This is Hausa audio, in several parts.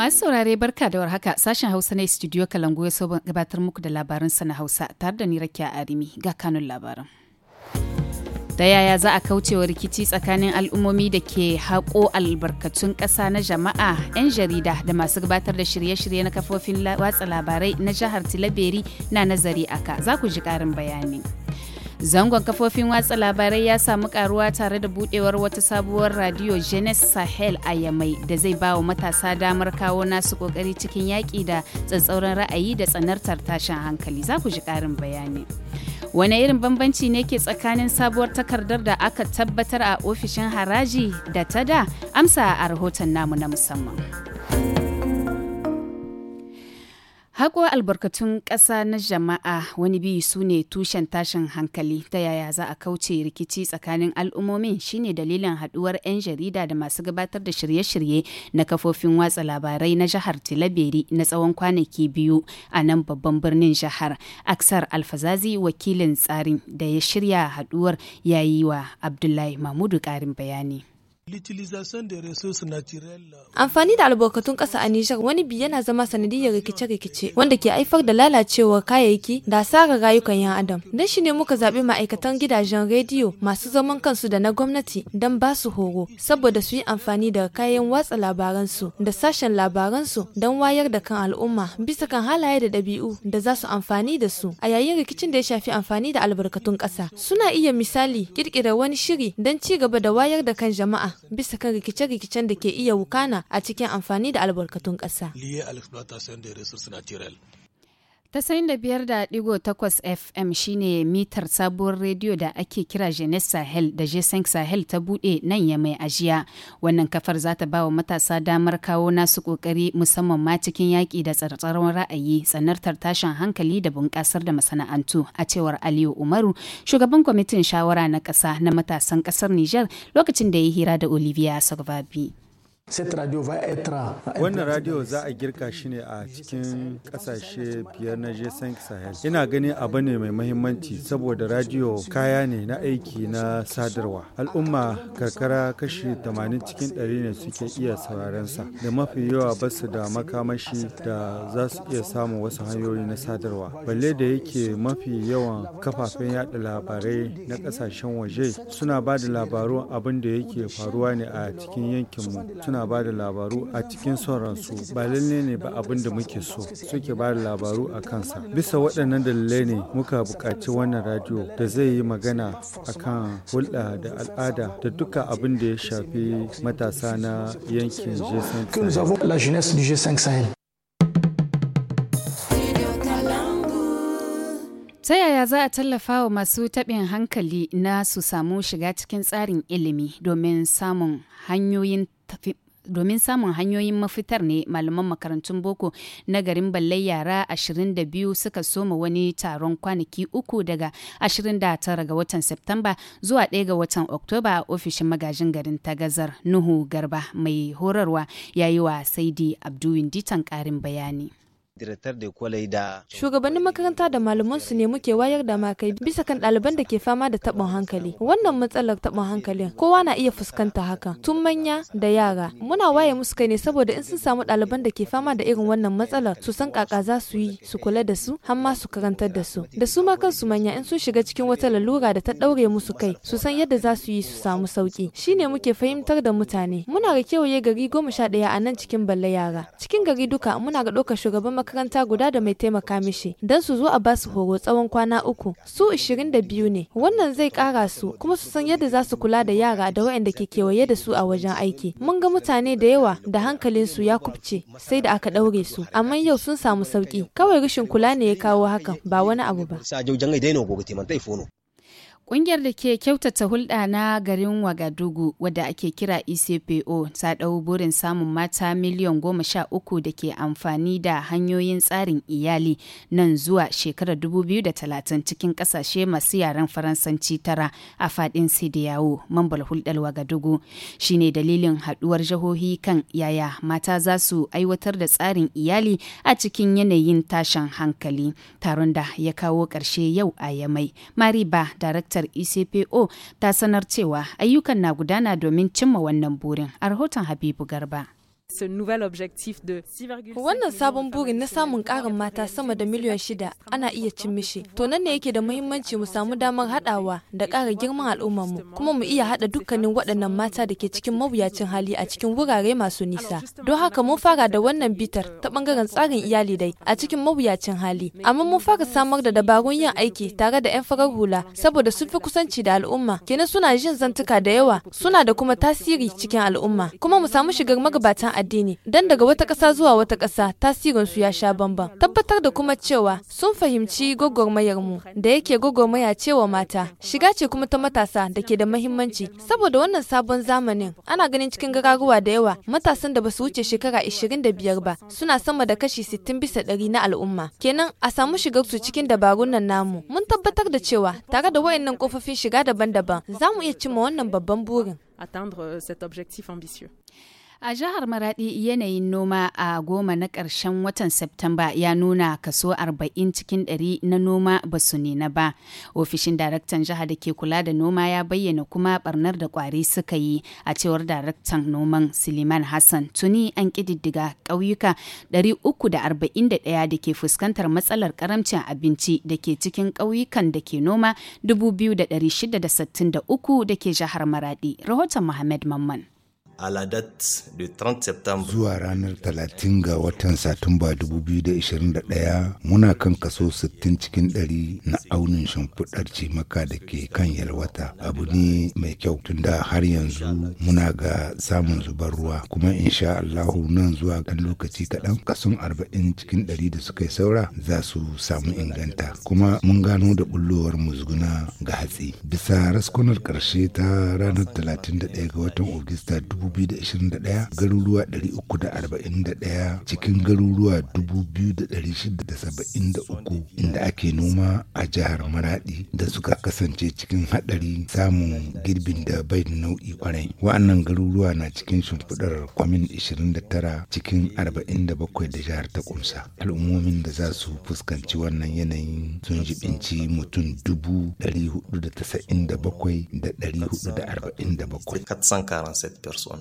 Masu saurare barka da warhaka sashen Hausa na studio Kalangu ya so gabatar muku da labarin sana Hausa tare da ni Rakiya Arimi ga kanun labarin. Da yaya za a kaucewa rikici tsakanin al'ummomi da ke haƙo albarkatun ƙasa na jama'a 'yan jarida da masu gabatar da shirye-shirye na kafofin watsa labarai na jihar Tilaberi na nazari aka za ku ji ƙarin bayani. Zangon kafofin watsa labarai ya samu karuwa tare da budewar wata sabuwar radio jenes Sahel a Yamai da zai ba wa matasa damar kawo nasu kokari cikin yaƙi da tsatsauran ra'ayi da tsanartar tashin hankali. Za ku ji ƙarin bayani. wane irin bambanci ne ke tsakanin sabuwar takardar da aka tabbatar a ofishin haraji da ta da amsa a rahoton namu na musamman. Haƙo albarkatun ƙasa na jama'a wani biyu su ne tushen tashin hankali ta yaya za a kauce rikici tsakanin al'ummomin shine dalilin haɗuwar 'yan jarida da masu gabatar da shirye-shirye na kafofin watsa labarai na jihar Tilaberi na tsawon kwanaki biyu a nan babban birnin jihar. Aksar Alfazazi wakilin tsarin da ya shirya haɗuwar yayi wa Abdullahi Mahmudu ƙarin bayani. Amfani da albarkatun ƙasa a Nijar wani bi yana zama sanadiyar rikice-rikice wanda ke haifar da lalacewar kayayyaki da asarar rayukan 'yan adam. Don shi ne muka zaɓi ma'aikatan gidajen rediyo masu zaman kansu da na gwamnati don ba su horo saboda su yi amfani da kayan watsa labaransu da sashen labaransu don wayar da kan al'umma bisa kan halaye da ɗabi'u da za su amfani da su a yayin rikicin da ya shafi amfani da albarkatun ƙasa. Suna iya misali ƙirƙirar wani shiri don ci gaba da wayar da kan jama'a bisa kan rikice-rikicen da ke iya wukana a cikin amfani da albarkatun ƙasa. ta da ɗigo 95.8 FM shine mitar sabuwar rediyo da ake kira Jeunesse Sahel da G5 Sahel ta buɗe nan ya mai ajiya. Wannan kafar za ta bawa matasa damar kawo nasu kokari musamman ma cikin yaƙi da tsartsaron ra'ayi, tsanartar tashin hankali da bunƙasar da masana'antu a cewar Aliyu Umaru, shugaban kwamitin shawara na ƙasa na matasan ƙasar Nijar lokacin da ya hira da Olivia Sagbabi. Cette radio va être Wannan radio za a girka shi ne a cikin kasashe biyar na je Sahel. Ina gani abu ne mai mahimmanci saboda radio kaya ne na aiki na sadarwa. Al'umma karkara kashi 80 cikin 100 ne suke iya sauraron sa. Da mafi yawa ba su da makamashi da za su iya samun wasu hanyoyi na sadarwa. Balle da yake mafi yawan kafafen yada labarai na kasashen waje suna ba da labarun abin da yake faruwa ne a cikin yankinmu. Suna suna ba da labaru a cikin sauransu ba lalle ne ba abin da muke so suke ba da labaru a kansa bisa waɗannan dalilai ne muka buƙaci wannan radiyo da zai yi magana a kan hulɗa da al'ada da duka abin da ya shafi matasa na yankin G5 Ta yaya za a tallafa wa masu taɓin hankali na su samu shiga cikin tsarin ilimi domin samun hanyoyin domin samun hanyoyin mafitar ne malaman makarantun boko na garin ballai yara 22 suka soma wani taron kwanaki uku daga 29 ga watan Septamba zuwa 1 ga watan Oktoba a ofishin magajin garin Tagazar Nuhu Garba mai horarwa yayi wa Saidi Abdu Ditan ƙarin bayani. da kwalai shugabannin makaranta da malaman su ne muke wayar da makai bisa kan ɗaliban da ke fama da taɓin hankali wannan matsalar taɓin hankalin kowa na iya fuskanta haka tun manya da yara muna waye musu kai ne saboda in sun samu ɗaliban da ke fama da irin wannan matsalar su san kaka za su yi su kula da su har ma su karantar da su da su ma kansu manya in sun shiga cikin wata lalura da ta ɗaure musu kai su san yadda za su yi su samu sauki ne muke fahimtar da mutane muna ga kewaye gari goma sha ɗaya a nan cikin balle yara cikin gari duka muna ga ɗaukar shugaban makaranta guda da mai taimaka mishi don su zo a basu horo tsawon kwana uku su biyu ne wannan zai kara su kuma su san yadda za su kula da yara da waɗanda ke kewaye da su a wajen aiki mun ga mutane da yawa da hankalin su ya kubce sai da aka ɗaure su amma yau sun samu sauki kawai rashin kula ne ya kawo hakan ba wani abu ba Ƙungiyar da ke kyautata hulɗa na garin Wagadugu wadda ake kira ECPO ta ɗau burin samun mata miliyan goma sha uku da ke amfani da hanyoyin tsarin iyali nan zuwa shekarar 2030 cikin ƙasashe masu yaren Faransanci tara a faɗin Sidiyawo, Mambal hulɗar Wagadugu. Shi ne dalilin haɗuwar jihohi kan yaya mata za su aiwatar da tsarin iyali a cikin yanayin tashin hankali. Taron da ya kawo ƙarshe yau a Yamai. Mariba, darakta majalisar ECPO ta sanar cewa ayyukan na gudana domin cimma wannan burin a rahoton Habibu Garba. Wannan sabon burin na samun ƙarin mata sama da miliyan shida ana iya cin mishi. To nan ne yake da muhimmanci mu samu damar haɗawa da ƙara girman al'ummarmu kuma mu iya haɗa dukkanin waɗannan mata da ke cikin mawuyacin hali a cikin wurare masu nisa. Don haka mun fara da wannan bitar ta ɓangaren tsarin iyali dai a cikin mawuyacin hali. Amma mun fara samar da dabarun yin aiki tare da 'yan farar hula saboda sun fi kusanci da al'umma. Kenan suna jin zantuka da yawa suna da kuma tasiri cikin al'umma. Kuma mu samu shigar magabatan addini dan daga wata ƙasa zuwa wata ƙasa tasirinsu ya sha bamban. Tabbatar da kuma cewa sun fahimci gwagwarmayarmu mu da yake gwagwarmaya cewa mata shiga ce kuma ta matasa da ke da mahimmanci saboda wannan sabon zamanin ana ganin cikin gararuwa da yawa matasan da ba su wuce shekara biyar ba suna sama da kashi sittin bisa ɗari na al'umma kenan a samu shigar su cikin dabarun nan namu mun tabbatar da cewa tare da wayannan kofofin shiga daban-daban za mu iya cimma wannan babban burin. Atteindre cet objectif ambitieux. A jihar Maradi yanayin noma a goma na ƙarshen watan Septemba ya nuna kaso 40 cikin 100 na noma ba su nuna ba. Ofishin daraktan jihar da ke kula da noma ya bayyana kuma barnar da kwari suka yi a cewar daraktan noman Suleiman Hassan tuni an ƙididdiga ƙauyuka 341 da ke fuskantar matsalar karamcin abinci da ke cikin ƙauyukan da ke noma 2663 da ke jihar Maradi. Rahoton Mohammed Mamman. a la date du 30 septembre. Zuwa ranar 30 ga watan Satumba 2021 muna kan kaso 60 cikin 100 na aunin shimfiɗar cimaka da ke kan yalwata abu ne mai kyau tunda har yanzu muna ga samun zubar ruwa kuma insha Allahu nan zuwa kan lokaci kaɗan kason 40 cikin 100 da suka yi saura za su samu inganta kuma mun gano da bullowar musguna ga hatsi bisa raskunar ƙarshe ta ranar 31 ga watan Ogista 2021 2021 garuruwa 341 cikin garuruwa 2673 inda ake noma a jihar maradi da suka kasance cikin hadari samun girbin da bai da nau'i kwarai wa'annan garuruwa na cikin shimfidar kwamin 29 cikin 47 da jihar ta kumsa al'ummomin da za su fuskanci wannan yanayin sun jibinci mutum 497 da 447 447 personnes.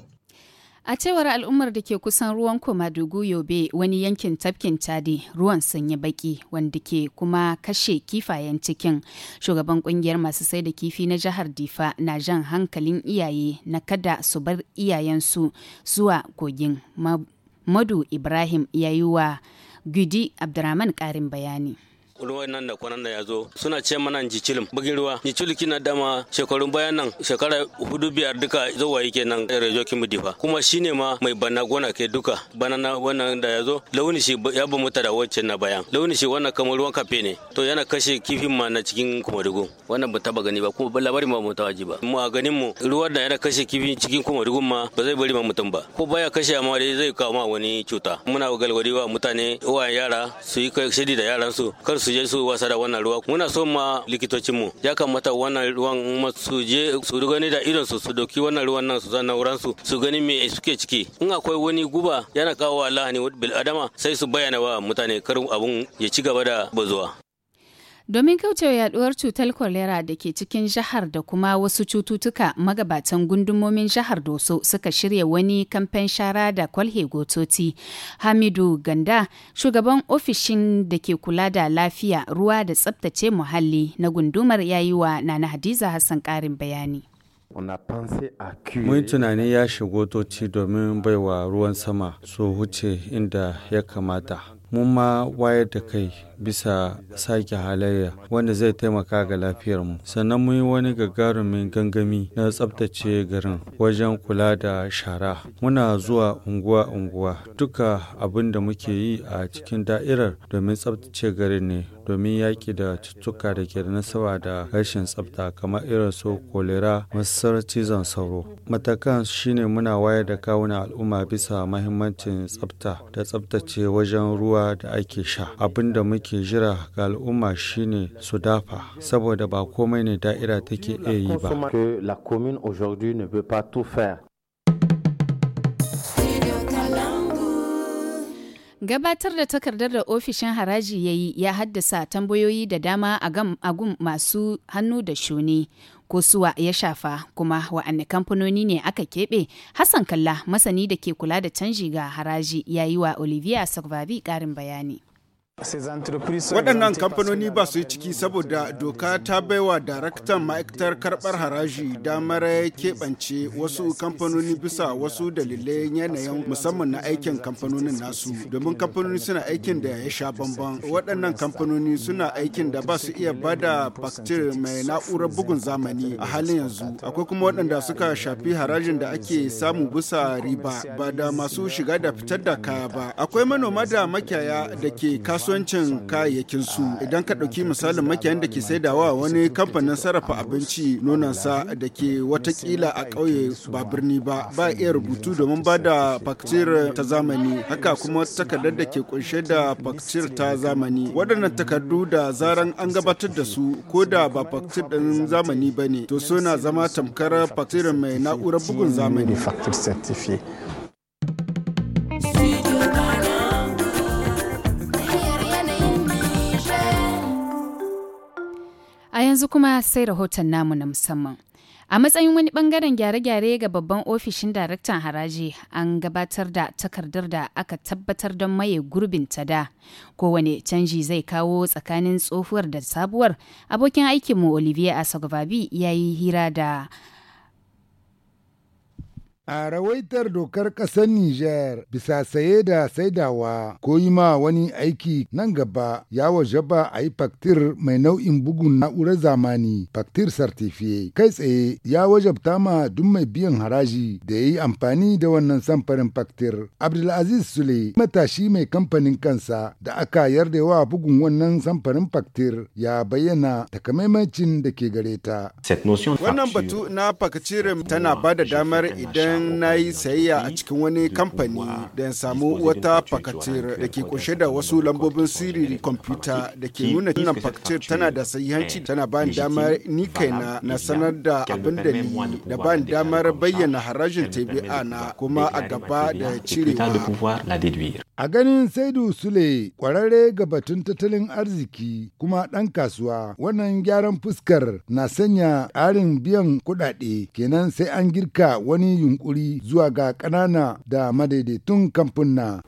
A cewar al'ummar da ke kusan ruwan Komadugu Yobe wani yankin tafkin Chadi ruwan sun yi baki wanda ke kuma kashe kifayen cikin. Shugaban kungiyar masu sai da kifi na jihar Difa na jan hankalin iyaye na kada su bar iyayensu zuwa kogin. Madu Ibrahim ya wa Gudi Abdurrahman ƙarin bayani. ruwa nan da kwanan da ya zo suna ce mana jicilim bugin ruwa jicilim kina dama shekarun bayan nan shekara hudu biyar duka zuwa yake nan rejo kimu difa kuma shine ma mai bana gona ke duka bana na wannan da ya zo launi shi ya bu muta da wacce na bayan launi shi wannan kamar ruwan kafe ne to yana kashe kifin ma na cikin kumadugu wannan ba taba gani ba kuma labarin ma mu ta waji ba mu a ganin mu ruwan da yana kashe kifin cikin kumadugu ma ba zai bari ma mutum ba ko baya kashe amma dai zai kawo ma wani cuta muna galgari wa mutane uwa yara su yi kai shiri da yaran su kar su su je su wasa da wannan ruwa muna so ma likitocin mu ya kamata wannan ruwan su je su gani da idon su su doki wannan ruwan nan su zanna wuran su su gani me suke ciki in akwai wani guba yana kawo lahani bil adama sai su bayyana wa mutane kar abun ya ci gaba da bazuwa Domin kaucewa yaduwar cutar kwalera da ke cikin jihar da kuma wasu cututtuka magabatan gundumomin jihar Doso suka shirya wani kamfen shara da kwalhe gototi. Hamidu Ganda, shugaban ofishin da ke kula da lafiya, ruwa da tsabtace muhalli na gundumar yayiwa wa Nana Hadiza Hassan karin bayani. Mun tunanin ya shigo toci domin baiwa ruwan sama su huce inda ya kamata. mun ma wayar da kai bisa sake halayya wanda zai taimaka ga lafiyarmu sannan mun yi wani gagarumin gangami na tsabtace garin wajen kula da shara muna zuwa unguwa-unguwa duka abin da muke yi a cikin da'irar domin tsabtace garin ne domin yaƙi da cutuka da ke da nasaba da rashin tsabta kamar irin su kolera masar cizon sauro matakan shine muna wayar da kawunan al'umma bisa mahimmancin tsabta da tsabtace wajen ruwa ruwa da ake sha abin da muke jira ga al'umma shine su dafa saboda ba komai ne da'ira take iya yi ba Gabatar da takardar da ofishin haraji ya yi ya haddasa tambayoyi da dama a gun masu hannu da shuni. Ko suwa ya shafa kuma wa'anne kamfanoni ne aka keɓe Hassan Kalla masani da ke kula da canji ga haraji ya yi wa Olivia Sakvavi ƙarin bayani. Waɗannan kamfanoni ba su yi ciki saboda doka ta baiwa daraktan ma'aikatar karɓar haraji damar keɓance wasu kamfanoni bisa wasu dalilai yanayin musamman na aikin kamfanonin nasu domin kamfanoni suna aikin da ya sha bamban. Waɗannan kamfanoni suna aikin da ba su iya bada da faktir mai na'urar bugun zamani a halin yanzu. Akwai kuma waɗanda suka shafi harajin da ake samu bisa riba ba da masu shiga da fitar da kaya ba. Akwai manoma da makiyaya da ke kasu kasuwancin kayayyakin su idan ka ɗauki misalin makiyan da ke saidawa wani kamfanin sarrafa abinci nonansa da ke watakila a ƙauye ba birni ba ba iya rubutu domin ba da faktir ta zamani haka kuma takardar da ke kunshe da faktir ta zamani waɗannan takardu da zaran an gabatar da su ko da ba faktir ɗin zamani ba ne to suna zama tamkar faktirin mai na'urar bugun zamani yanzu kuma sai rahoton namu na musamman. A matsayin wani bangaren gyare-gyare ga babban ofishin daraktan haraji an gabatar da takardar da aka tabbatar don maye gurbin ta da. Kowane canji zai kawo tsakanin tsohuwar da sabuwar abokin aikinmu Olivier Asogbabi ya yi hira da A rawaitar dokar ƙasar Nijar bisa saye da saidawa ko yi ma wani aiki nan gaba ya waje ba a yi faktir mai nau'in bugun na'urar zamani faktir sartifiye kai tsaye ya wajabta ma duk mai biyan haraji da ya yi amfani da wannan samfarin faktir. Abdulaziz Sule matashi mai kamfanin kansa da aka yarda wa bugun wannan samfarin faktir ya bayyana takamaimacin da ke gare ta. Wannan batu na faktirin tana ba da damar idan idan na yi sayayya a cikin wani kamfani da ya samu wata fakatir da ke kunshe da wasu lambobin siriri kwamfuta da ke nuna tunan fakatir tana da sahihanci eh, tana ba ni damar ni kaina na sanar da abin da ni da ba ni damar bayyana harajin tabi'a na kuma a gaba da cirewa. A ganin Saidu Sule kwararre ga batun tattalin arziki kuma ɗan kasuwa wannan gyaran fuskar na sanya ƙarin biyan kuɗaɗe kenan sai an girka wani yunkuri. yunkuri zuwa ga kanana da madaidaitun kamfuna.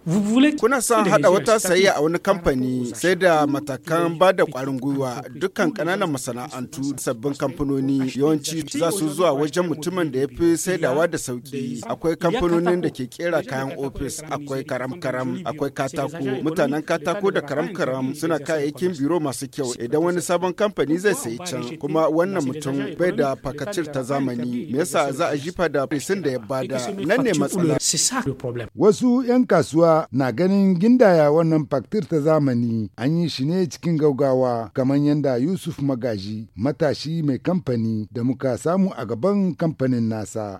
Kuna son haɗa wata sayayya a wani kamfani sai da matakan ba da kwarin gwiwa dukkan kananan masana'antu sabbin kamfanoni yawanci za su zuwa wajen mutumin da ya fi saidawa da sauki akwai kamfanonin da ke kera kayan ofis akwai karam-karam akwai katako mutanen katako da karam-karam suna kayayyakin biro masu kyau idan wani sabon kamfani zai sayi can kuma wannan mutum bai da fakacir ta zamani me yasa za a jifa da fesin da ya bada nan ne matsala. Wasu 'yan kasuwa na ganin gindaya wannan faktir ta zamani an yi shi ne cikin gaugawa kamar yadda Yusuf Magaji matashi mai kamfani da muka samu a gaban kamfanin nasa.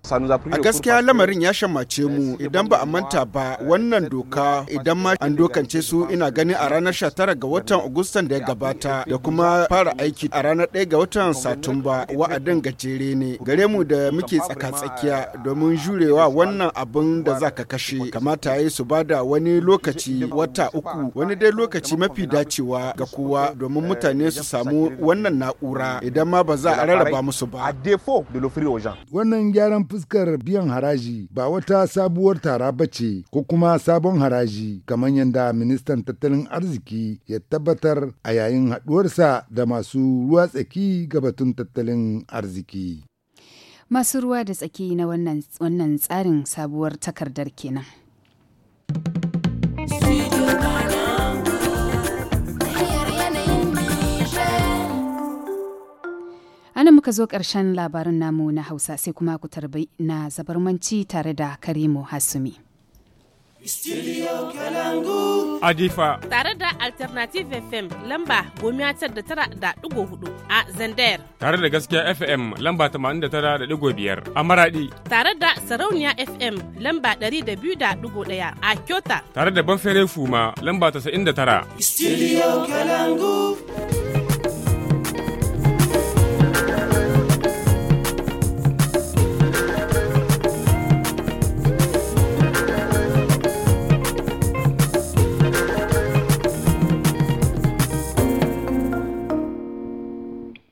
A gaskiya lamarin ya shamace mu idan ba a manta ba wannan doka idan ma an dokance su ina ganin a ranar 19 ga watan Agustan da ya gabata da kuma fara aiki a ranar 1 ga watan Satumba wa'adin gajere ne gare mu da muke tsaka-tsakiya domin domin jurewa wannan abin da za ka kashe kamata ya su bada wani lokaci wata uku wani dai lokaci mafi dacewa ga kowa domin mutane su samu wannan na'ura idan ma ba za a rarraba musu ba. Wannan gyaran fuskar biyan haraji ba wata sabuwar tara ba ce ko kuma sabon haraji kamar yadda ministan tattalin arziki ya tabbatar a yayin haduwarsa da masu ruwa tsaki batun tattalin arziki. masu ruwa da tsaki na wannan tsarin sabuwar takardar kenan. Ana muka zo ƙarshen labarin namu na Hausa sai kuma ku tarbi na zabarmanci tare da Karimu Hasumi. Studio Kalangu. Adifa. Tare da Alternative FM lamba goma tar da tara da ɗigo hudu a zander. Tare da gaskiya FM lamba tamanin da tara da ɗigo biyar a Maradi. Tare da Sarauniya FM lamba ɗari da biyu da ɗigo ɗaya a Kyota. Tare da Banfere Fuma lamba tasa'in da tara. Studio Kalangu.